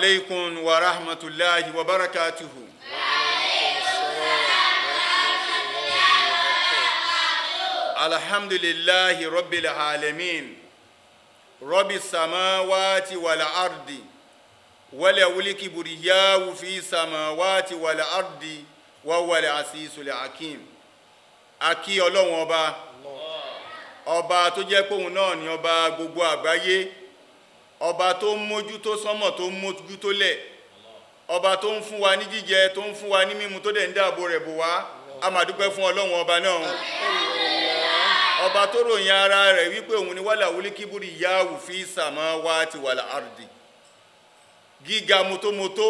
عليكم ورحمة الله وبركاته الحمد لله رب العالمين رب السماوات والأرض وله الكبرياء في السماوات والأرض وهو العزيز الحكيم أكي الله ọba ọba tó jẹ́ pé òun náà ọba tó ń mójú tó sánmọ̀ tó ń mójú tó lẹ̀ ọba tó ń fún wa ní jíjẹ tó ń fún wa ní mímu tó dẹ̀ ń dáàbò rẹ̀ bò wá a máa dúpẹ́ fún ọlọ́run ọba náà ọba tó ròyìn ara rẹ̀ wípé òun ni wàlà wúlí kíbúrì yáàwù fi sàmọ́ wá ti wàlà àrùdì gíga motomoto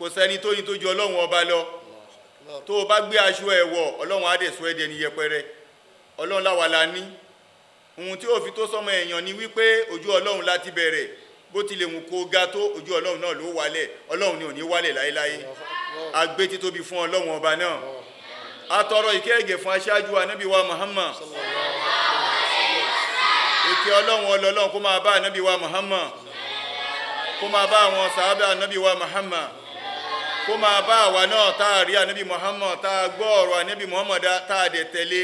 kò sẹ́ni tó yin tó ju ọlọ́run ọba lọ tó o bá gbé aṣọ ẹ̀wọ̀ ọlọ́run á dẹ̀ sọ ẹ́ dẹni yẹpẹrẹ ọlọ́run láwa la ní ohun tí ó fi tó sọmọ èèyàn ni wípé ojú ọlọ́run láti bẹ̀rẹ̀ bó tilẹ̀ wù kó ga tó ojú ọlọ́run náà ló wálẹ̀ ọlọ́run ni ò ní wálẹ̀ láéláé agbé títóbi fún ọlọ́run ọba náà atọrọ ìkẹ́ ẹ̀gẹ̀ fún aṣáájú anábì wa Muhammad ìkẹ́ ọlọ́run ọlọ́run kó máa bá anábì wa Muhammad kó máa bá àwọn sàábẹ́ anábì wa Muhammad kó máa bá àwa náà tá a rí anábì Muhammad tá a gbọ́ ọ̀rọ̀ anábì Muhammad tá a dẹ̀ tẹ̀lé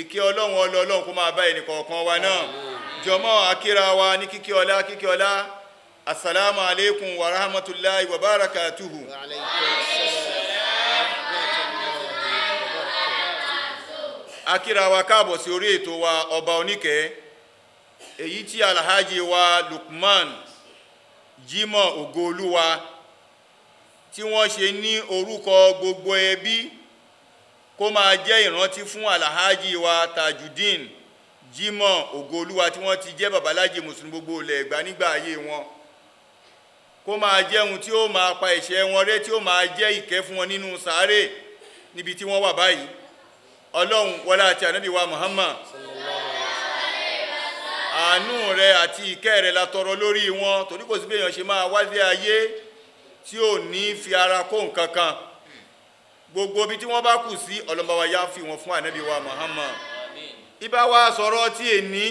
ìkẹ́ ọlọ́run ọlọ́run kó máa bá ẹnìkọ̀ọ̀kan wa náà jọmọ́ akíra wa ní kíkí ọlá kíkí ọlá assalamu alaikum wa rahmatullahi wa barakatuhu wa alaikum assalam akíra wa káàbọ̀ sí orí ètò wa ọba oníkẹ́ èyí tí alhaji wa Lukman Jimoh Ògoolúwa tí wọ́n ṣe ní orúkọ gbogbo ẹbí e kó máa jẹ́ ìrántí fún alhaji wa tajudeen jimoh ògoolúwa tí wọ́n ti jẹ́ babaláji mùsùlùmí gbogbo ilẹ̀ Ẹ̀gbá nígbà ayé wọn kó máa jẹ́ ohun tí ó máa pa ẹ̀ṣẹ̀ wọn rẹ́ tí ó máa jẹ́ ìkẹ́ fún wọn nínú sàárè níbi tí wọ́n wà báyìí ọlọ́run wọlá àti ànábì wa muhammad àánú rẹ àti ìkẹ́ rẹ la tọrọ lórí wọn torí kò sí bí èèyàn ṣe máa wálé ayé tí ò ní fi ara kó nǹkan kan gbogbo ibi tí wọ́n bá kù sí ọlọ́mọba yá fi wọn fún ànábì wa Muhammad ibá wa sọ̀rọ̀ tí èní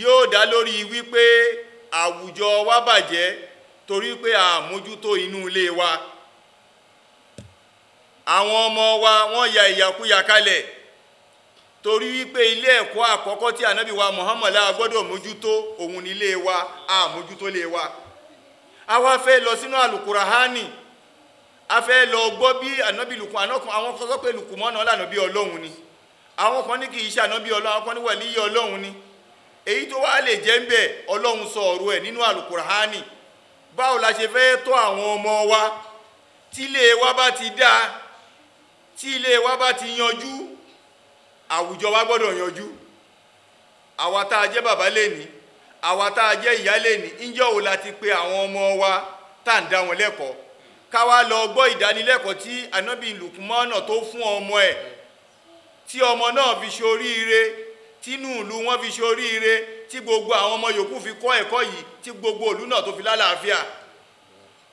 yóò dá lórí wípé àwùjọ wa bàjẹ́ torí pé a mójútó inú ilé wa àwọn ọmọ wa wọ́n ya ìyàkúyà kalẹ̀ torí wípé ilé ẹ̀kọ́ àkọ́kọ́ tí ànábì wa Muhammad la gbọ́dọ̀ mójútó òun nílé wa a mójútó lé wa a wá fẹ́ lọ sínú àlùkùrahánì a fẹ́ lọ gbọ́ bí ànábì lùkùn ànákùn àwọn kan pé lùkùmọ́nà ọlànà bí ọlọ́run ni àwọn kan ní kì ṣe ànábì ọlọ́run àwọn kan ní wàlíyí ọlọ́run ni èyí tó wá lè jẹ́ ń bẹ̀ ọlọ́run sọ ọ̀rọ̀ ẹ̀ nínú àlùkùránì báwo la ṣe fẹ́ tọ́ àwọn ọmọ wa tí ilé wa bá ti dá tí ilé wa bá ti yanjú àwùjọ wa gbọ́dọ̀ yanjú àwa tá a jẹ́ bàbá lẹ́ni àwa tá a jẹ́ ìyá lẹ́ni ńjọ́ wo la ti pe àwọn ọmọ wa tá à ń dá wọn lẹ́kọ̀ọ́ káwá lọ gbọ́ ìdánilẹ́kọ̀ọ́ tí anábì lùkùmọ́nà tó fún ọmọ ẹ̀ tí ọmọ náà fi ṣe oríire tínú ìlú wọn fi ṣe oríire tí gbogbo àwọn ọmọ yòókù fi kọ́ ẹ̀kọ́ yìí tí gbogbo ìlú náà tó fi lálàáfíà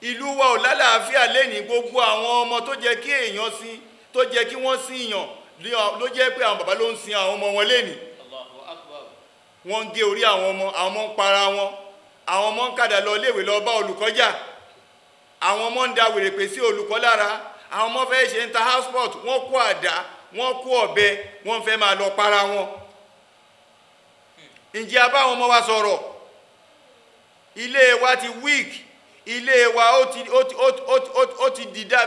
ìlú wa ò lálàáfíà lẹ́ni gbogbo àwọn ọmọ tó jẹ́ kí èèyàn sin tó jẹ́ kí wọ́n sin èèyàn ló jẹ́ pé àwọn bàbá ló ń sin àwọn ọmọ wọn lẹ́ni wọ́n ń gé orí àwọn ọmọ àwọn ọmọ ń para wọn àwọn ọmọ ń kàdà lọ iléèwé lọ bá olùkọ́jà àwọn ọmọ ń da wèrèpè sí olùkọ́ lára àwọn ọmọ fẹ́ ṣe inter house sport wọ́n kó àdá wọ́n kó ọ̀bẹ wọ́n fẹ́ máa lọ para wọn ǹjẹ́ a bá àwọn ọmọ wa sọ̀rọ̀ ilé wa ti weak ilé wa ó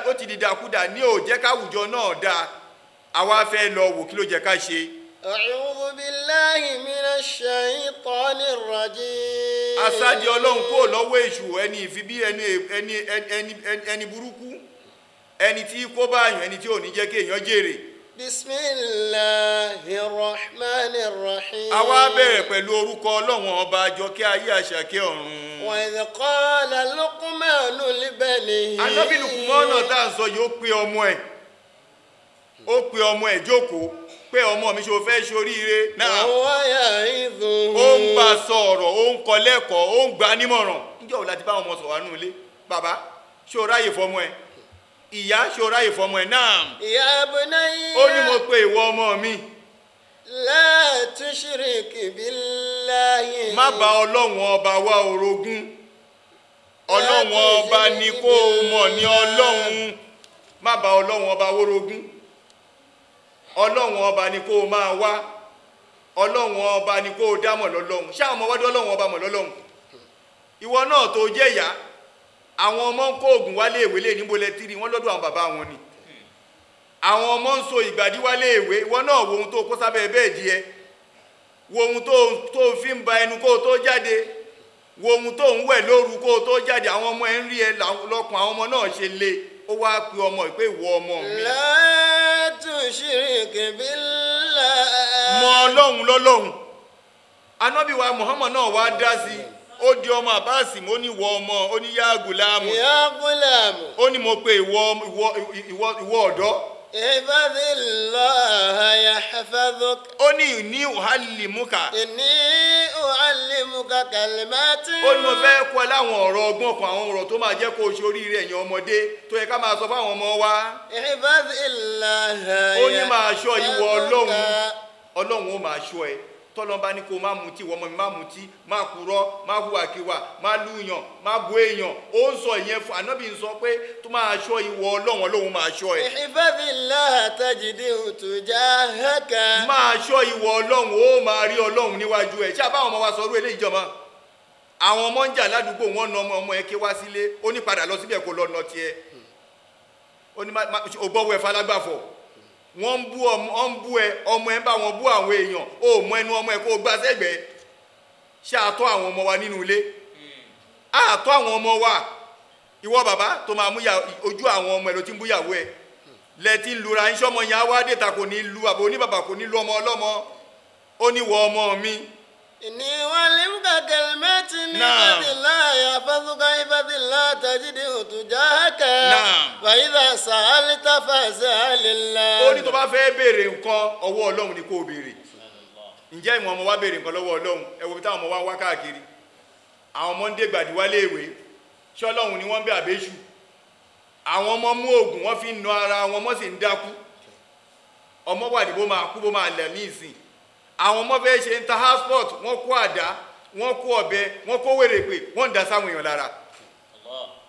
ti dìdàkudà ní òjẹ́ káwùjọ náà dáa àwa fẹ́ lọ wò kí ló jẹ́ ká ṣe. A'udhu billahi minash shaytanir rajim asáde ọlọ́run kúrò lọ́wọ́ èṣù ẹni ìfibí ẹni ẹni ẹni ẹni burúkú ẹni tí kó bá yàn ẹni tí ò ní jẹ́ kí èèyàn jèrè. bismillahirrahmanirrahim. Awa bẹ̀rẹ̀ pẹ̀lú orúkọ ọlọ́run ọba àjọkẹ́ ayé àṣàkẹ́ ọ̀run. wa idh qala Luqmanu li banihi. anábìlùkùn mọ́nà tá à ń sọ yìí ó pe ọmọ ẹ̀ ó pe ọmọ ẹ̀ jókòó. pé ọmọ mi ṣe o fẹ́ ṣoríire náà ó ń bá sọ̀rọ̀ ó ń kọ lẹ́kọ̀ọ́ ó ń gba nímọ̀ràn níjọ́ òun bá ọmọ sọ̀rọ̀ wánú ilé bàbá ṣé ráyè fọmọ ẹ ìyá ṣé ráyè fọmọ ẹ náà ọmọ mi. ọba wa orogún ọba ni kó o mọ̀ ní má ba ọba ọlọ́run ọba ni kó o máa wá ọlọ́run ọba ni kó o dámọ̀ lọ́lọ́run ṣé àwọn ọmọ wájú ọlọ́run ọba mọ̀ lọ́lọ́run ìwọ náà tó jẹ́ ìyá àwọn ọmọ ń kó oògùn wálé ìwé lè níbo lẹ tiri wọn lọ́dọ̀ àwọn bàbá wọn ni àwọn ọmọ ń so ìgbàdí wálé ìwé ìwọ náà wo ohun tó kó sábẹ́ bẹ́ẹ̀dì ẹ wo ohun tó fi ń ba ẹnu kó o tó jáde wo ohun tó ń wẹ̀ lóru kó o tó jáde àwọn ọmọ ẹ ń rí ẹ lọ́kùn àwọn ọmọ náà ṣe le ó wáá pe ọmọ ìpè ìwọ ọmọ mi. mọ ọlọ́run lọ́lọ́run anábì wa muhammad náà wá dá sí i ó di ọmọ àbáàsì mo ní ìwọ ọmọ ó ní yá gùlámù. mo pe ìwọ ọdọ Ihfadillah yahfazuk. Ó ní ìní uhallimuka. Ìní uhallimuka kalimati. Ó ní mo fẹ́ kọ́ láwọn ọ̀rọ̀ ọgbọ́n kan àwọn ọ̀rọ̀ tó máa jẹ́ kó o ṣe oríire ẹ̀yin ọmọ wa. Ihfadillah yahfazuk. Ó ní tọ́lọ́mbà ni kó má mutí wọ́n mọ́ mi má mutí má kúrọ́ má hùwàkiwà má lùyàn má bu èèyàn ó ń sọ ìyẹn fún ànábì ń sọ pé tó máa ṣọ́ ìwọ ọlọ́run ọlọ́run máa ṣọ́ ẹ. ìfẹ́fì látàjídé òtújà hẹ́kẹ́. máa ṣọ́ ìwọ ọlọ́run ó máa rí ọlọ́run níwájú ẹ̀ ṣé àbáwọn ọmọ wa sọ orú eléyìí jọmọ àwọn ọmọ ń jà ládùúgbò wọn nà ọmọ ọmọ ẹ ké wá sílé ó ní padà lọ síbẹ̀ kó lọ wọ́n ń bú ọmọ ń bú ẹ ọmọ ẹ ń bá wọn bú àwọn èèyàn ó mọ ẹnu ọmọ ẹ kó o gbá sẹ́gbẹ̀ẹ́ ṣé àtọ́ àwọn ọmọ wa nínú ilé àtọ́ àwọn ọmọ wa ìwọ bàbá tó máa mú ojú àwọn ọmọ ẹ ló ti ń bú ìyàwó ẹ lẹ́tí lura ń ṣọ́mọ yẹn á wá dé ta kò ní lu àbò oníbàbà kò ní lu ọmọ ọlọ́mọ ó ní wọ ọmọ mi إني أعلمك tó bá fẹ́ béèrè nǹkan ọwọ́ Ọlọ́run ni kò béèrè ǹjẹ́ ìwọ̀n ọmọ wa béèrè nǹkan lọ́wọ́ Ọlọ́run ẹ táwọn ọmọ wa káàkiri àwọn ọmọ ń dé gbàdí ìwé ṣé ni wọ́n bẹ àbẹ́ṣù àwọn ọmọ mú oògùn wọ́n fi ara àwọn ọmọ fẹ́ ṣe interhasport wọ́n kó àdá wọ́n kó ọ̀bẹ wọ́n kó wèrèpè wọ́n ń dá sáwọn èèyàn lára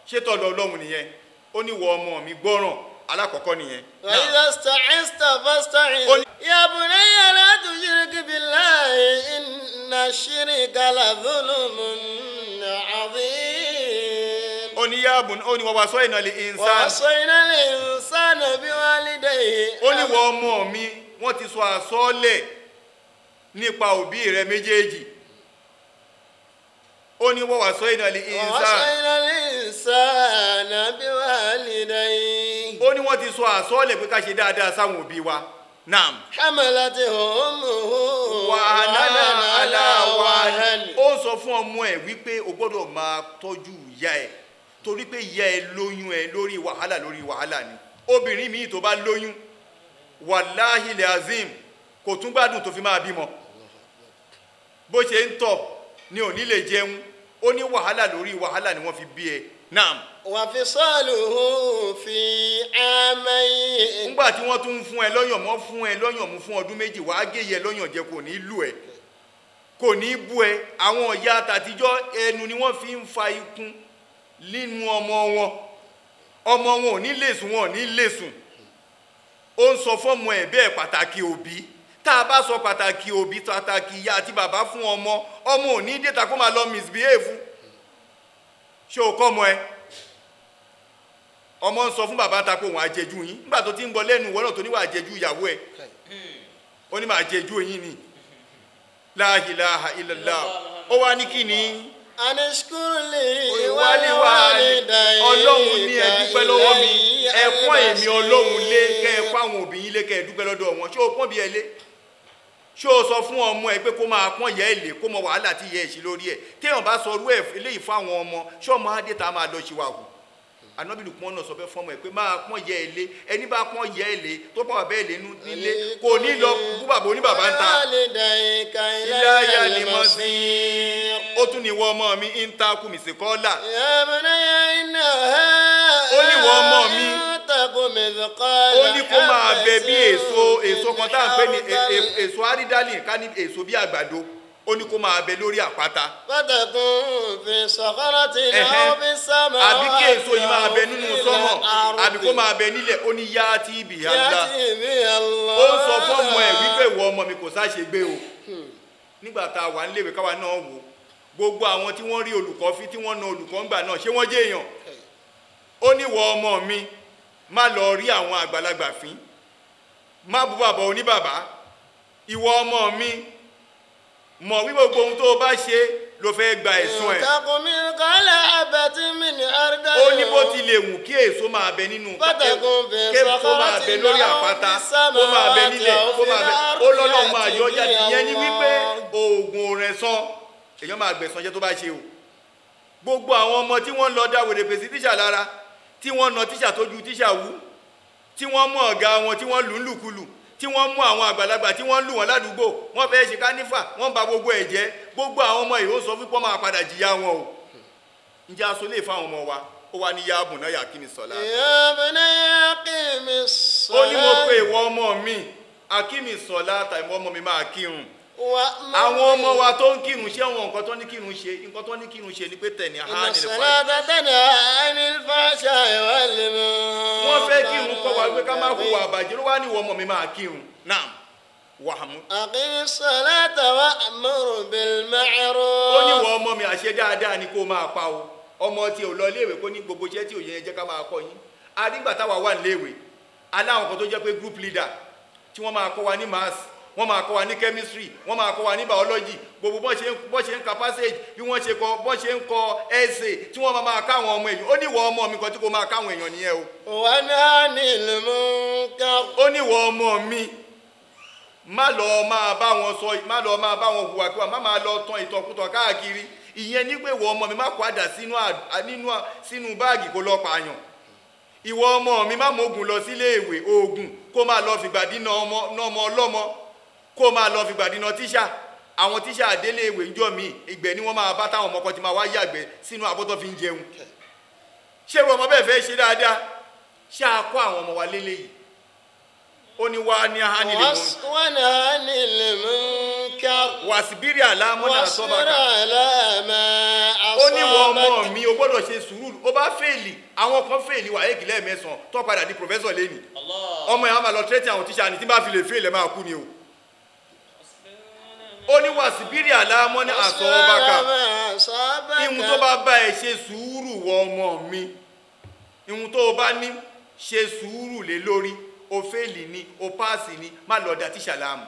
ṣé tọ̀dọ̀ ọlọ́run nìyẹn ó ní wọ ọmọ mi gbọ́ràn alákọ̀ọ́kọ́ nìyẹn. ìlà sta'insta fasta'in. ya bunayya la tushrik billahi inna shirka la dhulmun 'azim. ó ní ya ó ní wa wasayna li insana. wa wasayna li insana bi walidayhi. ó ní wọ ọmọ mi wọ́n ti sọ àsọ́ọ́lẹ̀ nípa òbí rẹ méjèèjì ó ní wọ́n wà sọ ìdàlẹ̀ ìsàn. wọ́n sọ ìdàlẹ̀ ìsàn nàbí wà nílẹ̀ yìí. ó ní wọ́n ti sọ àsọ́ọ̀lẹ̀ pé ká ṣe dáadáa sáwọn òbí wa naam. hamalati homo. wàhálà àlà wàhálà. ó sọ fún ọmọ ẹ wípé o gbọ́dọ̀ máa tọ́jú ìyá ẹ torí pé ìyá ẹ lóyún ẹ lórí wàhálà lórí wàhálà ni obìnrin míì tó bá lóyún wàláhìlẹ̀ azim kò tún gbádùn tó fi máa bímọ. bó ṣe ń tọ̀ ni ò ní lè jẹun ó ní wàhálà lórí wàhálà ni wọn fi bí ẹ naam. wà á fi amayi. ńgbà tí wọ́n tún ń fún ẹ lọ́yàn mọ́ fún ẹ lọ́yàn mú fún ọdún méjì wàá géyẹ lọ́yàn jẹ kò ní lù ẹ kò ní bú ẹ àwọn ọ̀ya àtàtijọ́ ẹnu ni wọ́n fi ń fa ikun nínú ọmọ wọn ọmọ wọn ò ní lè sùn wọn ò ní lè sùn ó ń sọ fọ́mọ ẹ̀ bẹ́ẹ̀ pàtàkì òbí tá a bá sọ pàtàkì òbí pàtàkì ìyá àti bàbá fún ọmọ ọmọ ò ní dèta kó máa lọ misbehave ṣé o kọ́ ọmọ ẹ ọmọ ń sọ fún bàbá ta kó òun àjẹjú yín nígbà tó ti ń bọ lẹ́nu ìwọ náà tó níwà àjẹjú ìyàwó ẹ ó ní màá jẹjú yín ni la ilaha illallah ó wá ní kí ni aniskuruli waliwalida ọlọ́run ní ẹ dúpẹ́ lọ́wọ́ mi ẹ pọ́n èmi ọlọ́run lé kẹ́ ẹ pọ́n àwọn òbí yín lé kẹ́ ẹ dúpẹ́ lọ́dọ̀ wọn ṣé o pọ́n bí ẹ lé ṣé o sọ fún ọmọ ẹ pé kó máa pọ́n yẹ ẹ lè kó mọ wàhálà tí yẹ ẹ ṣe lórí ẹ téèyàn bá sọ orú ẹ eléyìí fáwọn ọmọ ṣé ọmọ adé ta máa lọ ṣe wà hù anábìlù pọ́n náà sọ fẹ́ fọ́mọ ẹ pé máa pọ́n yẹ ẹ lé ẹni bá pọ́n yẹ ẹ lé tó pọ́n bàbá lé nílé kò ní lọ kú bàbá oníbàbá ń ta ilé ni mo sí ó tún ní wọ ọmọ mi ń ta kùmìsì kọ́là ó ní wọ ọmọ mi ó ní kó máa bẹ bí èso èso kan tá à ń pè ní e, e, èso àrídàlì ká ní èso bí àgbàdo ó ní kó máa bẹ lórí àpáta. pátákùn fi sọ̀kọ́rọ́ ti náà ó fi sọ́mọ́ àbí kí èso yìí máa bẹ nínú sọ́mọ̀ àbí kó máa bẹ nílẹ̀ ó ní yá tí ibì yá ńlá ó ń sọ fọ́ọ̀mù ẹ̀ wípé ìwọ ọmọ mi kò sáṣegbé o nígbà tá a wà níléèwé káwa náà wò gbogbo àwọn tí wọ́n rí olùkọ́ fi tí wọ́n na olùkọ́ ńgbà náà ṣé wọ́n jẹ́ èèyàn ó ní ìwọ ọmọ mi má lọ rí àwọn àgbàlagbà fín má bú bàbá oníbàbá ìwọ ọmọ mi mọ̀ wí gbogbo ohun tó o bá ṣe ló fẹ́ gba ẹ̀sùn ẹ̀. ìtàkùnmí kọ́lá abẹ́tí mi ní àrídá yìí. ó ní bó ti lè wù kí èso máa bẹ nínú kéwù kó máa bẹ lórí àpáta kó máa bẹ nílẹ̀ kó máa bẹ ó lọ́lọ́ máa yọ jáde ìyẹn ni wípé oògùn rẹ̀ èèyàn máa gbẹ̀sán jẹ́ tó bá ṣe o gbogbo àwọn ọmọ tí wọ́n lọ dáwèrè pèsè tíṣà lára tí wọ́n na tíṣà tó ju tíṣà wú tí wọ́n mú ọ̀gá wọn tí wọ́n lù ń lùkulù tí wọ́n mú àwọn àgbàlagbà tí wọ́n lù wọ́n ládùúgbò wọ́n fẹ́ ṣe kánífà wọ́n ba gbogbo ẹ̀ jẹ́ gbogbo àwọn ọmọ yìí sọ fipọ́ máa padà jìyà wọn o ǹjẹ́ aṣọ lè fáwọn ọmọ wa ó wà ní yaabu náà yà kí mi sọ̀la. yaabu náà yà kí mi sọ̀la. ó ní mo pe ìwọ ọmọ mi akí mi sọ̀la tàbí ọmọ mi máa kírun. àwọn ọmọ wa tó ń kírun ṣé wọn nǹkan tó ní kírun ṣe nǹkan tó ní kírun ṣe ni ha ni lè fa wọ́n fẹ́ kírun kọ́ wa pé ká má hùwà àbàjẹ́ ló wá ní ìwọ ọmọ mi máa kírun náà wàhámù. àkíní wa ó ní ọmọ mi àṣẹ dáadáa ni kó máa pa o ọmọ tí ò lọ iléèwé kó ní gbogbo iṣẹ́ tí òye jẹ́ ká máa kọ́ yín wà níléèwé aláwọn kan tó jẹ́ group leader tí wọ́n máa kọ́ wa ní wọ́n máa kọ́ wa ní chemistry wọ́n máa kọ́ wa ní biology gbogbo bọ́n ṣe bọ́n ṣe ń ka passage bí wọ́n ṣe kọ bọ́n ṣe ń kọ essay tí wọ́n máa ká àwọn ọmọ èyí ó ní ìwọ ọmọ mi kan tí kò máa ká àwọn èèyàn nìyẹn o. wà á ní àní ìlú mú ká. ó ní ìwọ ọmọ mi má lọ máa bá wọn sọ má lọ máa bá wọn hùwà kíwà má máa lọ tan ìtọkùtọ káàkiri ìyẹn ní pé ìwọ ọmọ mi má kó àdá sínú báàgì kó lọ pààyàn ìwọ ọmọ mi má mọ oògùn lọ sílé ìwé oògùn kó máa lọ fìgbà dín ọmọ ọlọ́mọ kó máa lọ fìgbà dínà tíṣà àwọn tíṣà àdélé ìwé ń jọ mi ìgbẹ́ ni wọ́n máa bá táwọn ọmọkọ ti máa wá yàgbẹ́ sínú abọ́tọ́ fi ń jẹun ṣé irú ọmọ bẹ́ẹ̀ fẹ́ ṣe dáadáa ṣé a kọ́ àwọn ọmọ wa lélẹ̀ yìí ó ní wá ní ahánì lè mú. wọ́n ní ahánì lè mú ká. wàsíbírì àlámúnà sọ́ba kan. wàsíbírì àlámà asọ́ba. ó ní wọ́n ọmọ mi o gbọ́dọ̀ ṣe sùúrù ó bá fèèlì àwọn kan fèèlì wà éèkì lẹ́ẹ̀mẹ́sàn-án tó padà di pòfẹ́sọ̀ lẹ́nìí. ọmọ yẹn á máa lọ tẹ́tí àwọn tíṣà ni tí bá fi lè fèèlì ẹ̀ máa kú ni o ó ní wàsíbírì àlámọ́ ní àsọ ọbàkà ihun tó bá bá ẹ ṣe sùúrù wọ ọmọ mi ihun tó bá ní ṣe sùúrù lé lórí o fẹ́ẹ̀lì ni o páàsì ni má lọ dá tíṣà láàmú.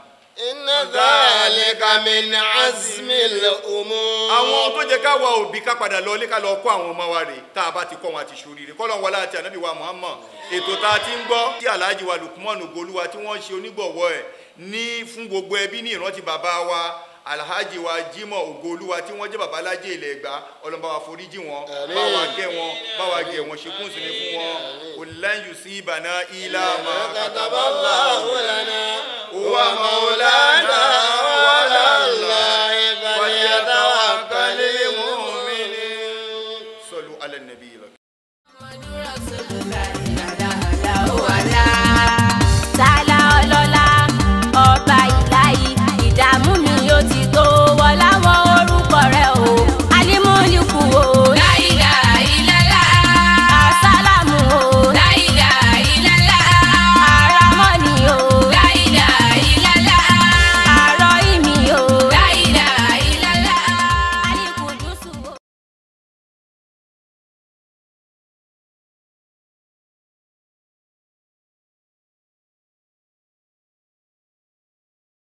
iná dáàlẹ̀ kàmí ní azmil omo. àwọn tó jẹ káwa òbí ká padà lọ ilé ká lọ kó àwọn ọmọ wa rè tá a bá ti kọ́ wọn àti ṣoríire kọ́ lọ́wọ́ láti ànábì wa Muhammad ètò tá a ti ń gbọ́ tí Alhaji wa Lukman Ogoluwa tí wọ́n ṣe onígbọ̀wọ́ ẹ̀ ní fún gbogbo ẹbí ní ìrántí bàbá wa alhaji wa jimoh ogoluwa tí wọ́n jẹ́ babalájẹ ilẹ̀ Ẹ̀gbá ọlọmọba wa foríjì wọn bá wa gẹ wọn bá wa gẹ wọn ṣekún sí ni fún wọn olùlẹ́yìn yusuf ibana ilá ma. kàtàbà wà wọlé náà wà wọlé náà wà láàlá.